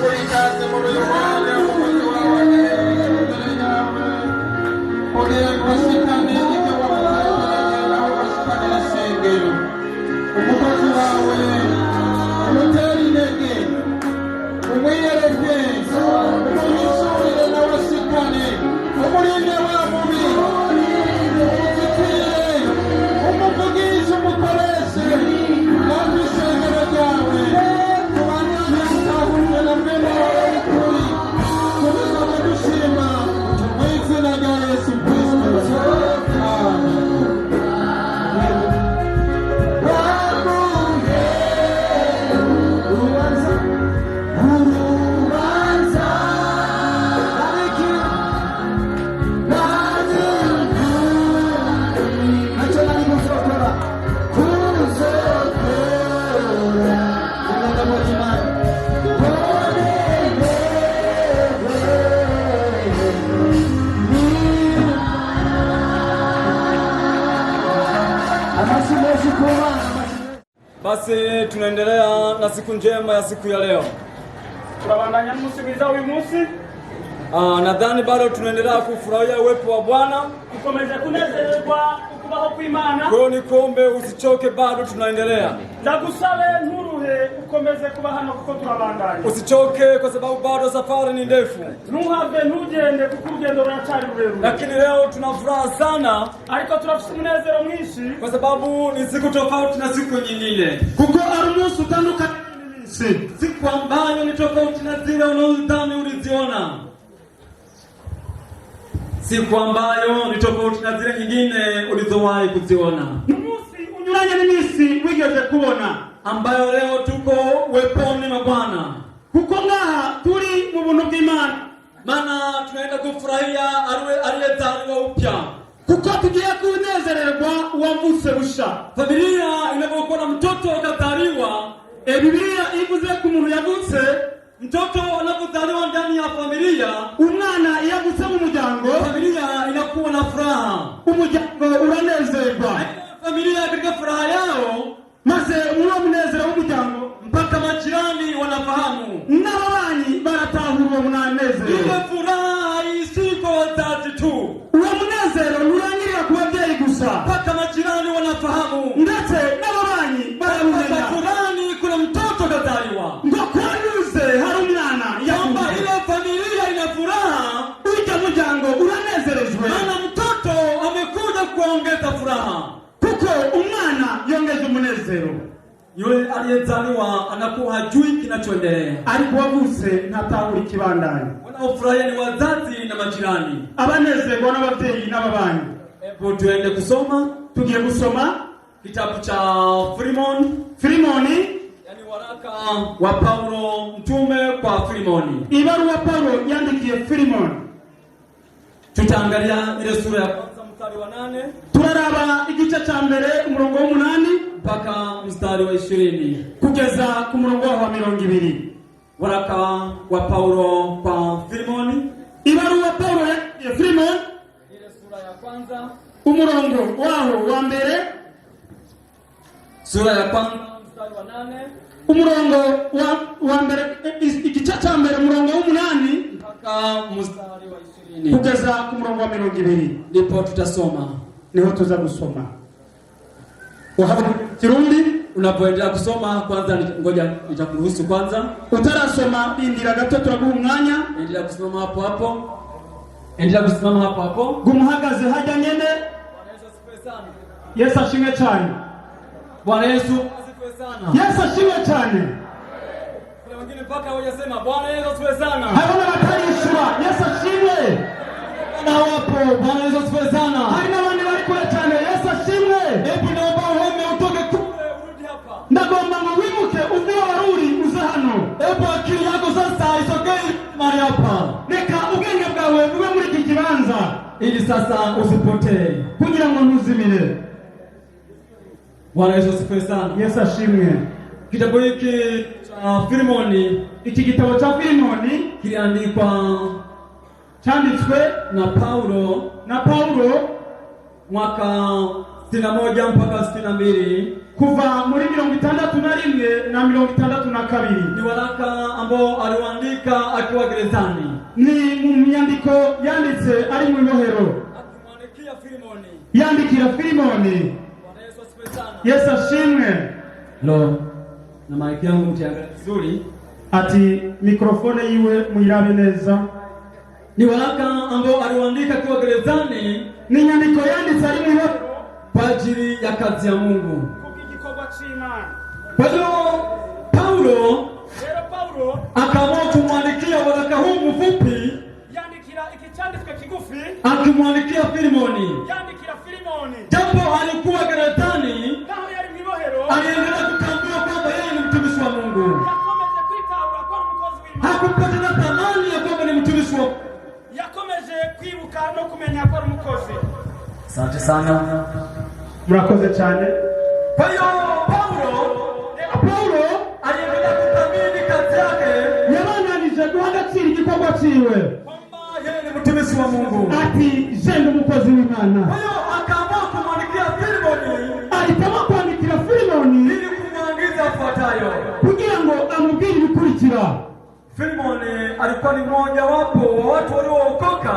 We Puritas the Moroyomán. Basi tunaendelea na siku njema ya siku ya leo. Ah, nadhani bado tunaendelea kufurahia uwepo wa Bwana kubaho kw'Imana rero nikuombe usichoke bado tunaendelea ndagusale nturuhe ukomeze kuba hano kuko turabandanya usichoke kwa sababu bado safari ni ndefu ntuhave ntugende kuko urugendo ruracyari rurerure lakini leo tuna furaha sana ariko turafite umunezero mwinshi kwa sababu ni siku tofauti na siku nyingine kuko ari umunsi siku ambayo ni tofauti na zile unaodhani uliziona siku ambayo ni tofauti na zile nyingine tusizowahi kuziona, nunusi unyuranye n'imisi wigeze kubona, ambayo leo tuko weponi mwa Bwana, kuko ngaha turi mu buntu bw'Imana, mana tunaenda kufurahia arwe aliyezaliwa upya, kuko tugiye kunezererwa uwavutse busha. Familia inapokuwa na mtoto akazaliwa, e, Biblia ivuze ku muntu yavutse mtoto anapozaliwa ndani ya familia, umwana yaguse mu muryango, familia inakuwa na furaha, umuryango familia katika furaha yao mase uwo mneze unaoongeza furaha, kuko umwana yongeza umunezero. Yule aliyezaliwa anakuwa hajui kinachoendelea, alipowavuse avutse ntatahura ikibandani. Wanaofurahia ni wazazi na majirani, abanezerwa n'abavyeyi n'ababanyi. Hebu tuende kusoma, tugiye gusoma kitabu cha Filemoni, Filemoni yaani waraka wa Paulo mtume kwa Filemoni, ibaruwa Paulo yandikiye filimoni Tutaangalia ile sura ya kwanza mstari wa nane turaraba igice cya mbere umurongo w'umunani mpaka mstari wa ishirini kugeza ku murongo wa mirongo ibiri waraka wa Paulo kwa Filimoni ibaruwa Paulo ya Filimoni ile sura ya kwanza umurongo waho wa mbere sura ya kwanza mstari wa nane umurongo wa wa mbere igice cya mbere umurongo w'umunani mpaka mstari wa 20 kugeza ku murongo wa mirongo ibiri nipo tutasoma, niho tuza gusoma wahabu Kirundi. Unapoendelea kusoma kwanza, ngoja nitakuruhusu kwanza. Utarasoma bindira gato, turaguha umwanya. Endelea kusimama hapo hapo, endelea kusimama hapo hapo. gumuhagaze hajya nyene. Yesu ashimwe cyane. Bwana Yesu Yesu asiwe cyane. Kuna wengine mpaka hawajasema Bwana Yesu asiwe sana. Hawana makanishwa. Yesu asiwe. Na wapo Bwana Yesu asiwe sana. Haina wani waliko cyane. Yesu asiwe. Hebu naomba uhame utoke kule urudi hapa. Ndagomba mwimuke uvio waruri uze Hebu akili yako sasa isogei mali hapa. Neka ubwenge bwawe uwe muri iki kibanza. Ili sasa usipotee. Kugira ngo ntuzimire. Bwana Yesu asifiwe sana. Yesu ashimwe. Kitabu hiki cha Filimoni, iki kitabu cha Filimoni kiliandikwa chanditswe na Paulo na Paulo mwaka sitini na moja mpaka sitini na mbili kuva muri mirongo itandatu na rimwe na mirongo itandatu na kabiri ni waraka ambao aliwaandika akiwa gerezani. Ni mu myandiko yanditse ari mu Irohero akimwandikia Filimoni, yandikira Filimoni Yesu ashimwe. Lo, na maiki yangu mtiaga vizuri ati mikrofone iwe mwirabe neza ni waraka ambao aliandika kwa gerezani, ni nyandiko yanditse ari kwa ajili ya kazi ya Mungu kwa hiyo Paulo akaamua kumwandikia waraka huu mfupi akimwandikia Filimoni kumenya ko mukoze asante sana murakoze cyane kwa hiyo Paulo Paulo aliendelea kuthamini kazi yake yabananije guha agaciro igikorwa cyiwe kwamba yeye ni mtumishi wa Mungu ati je ndi umukozi w'Imana kwa hiyo akaamua kumwandikia Filemoni alitamwa kuandikia Filemoni ili kumwangaliza afuatayo kugira ngo amubwire ibikurikira Filemoni alikuwa ni mmoja wapo watu watu waliookoka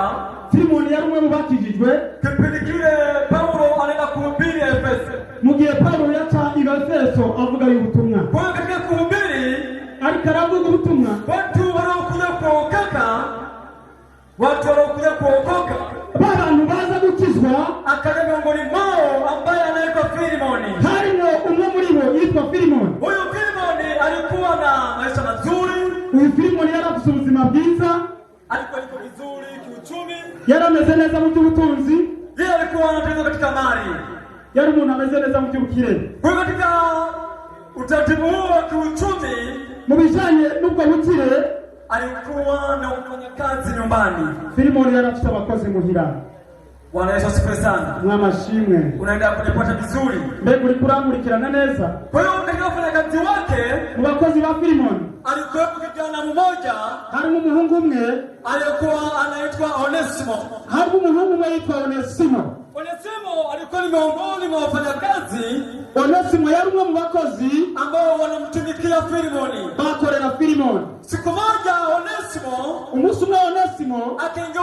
simoni yari umwe mu bakijijwe kipindi kile pawulo anenda kuhubiri efeso mu paulo pawulo yaca ibefeso avuga ayo ubutumwa kwayo katika kuhubiri ariko aravuga ubutumwa watu wanaokuja kuokeka watu wanaokuja kuokoka babantu baza gukizwa akaja miongoni mwao ambaye anaitwa filimoni harimo umwe muri bo yitwa filimoni huyu filimoni alikuwa na maisha mazuri huyu filimoni yari afite ubuzima bwiza alikuwa yuko vizuri yari ameze neza mu by'ubutunzi yari umuntu ameze neza mu by'ubukire katika utaratibu huu wa kiuchumi mu bijyanye n'ubwo bukire alikuwa na ufanyakazi nyumbani Filimoni yari afite abakozi muhira Bwana Yesu asifiwe sana. Mwamashimwe. Unaenda kunipata vizuri. Mbegu Mbe kulikurangurikirana neza. Kwa hiyo katika wafanyakazi wake, mu bakozi ba Filimoni, alikuwepo kijana mmoja, harimu umuhungu mwe, alikuwa anaitwa Onesimo. Harimu umuhungu mwe aitwa Onesimo. Onesimo alikuwa ni miongoni mwa wafanyakazi. Onesimo yari umwe mu ambao wanamtumikia Filimoni. Bakorera Filimoni. Siku moja Onesimo, umunsi umwe Onesimo, akaingia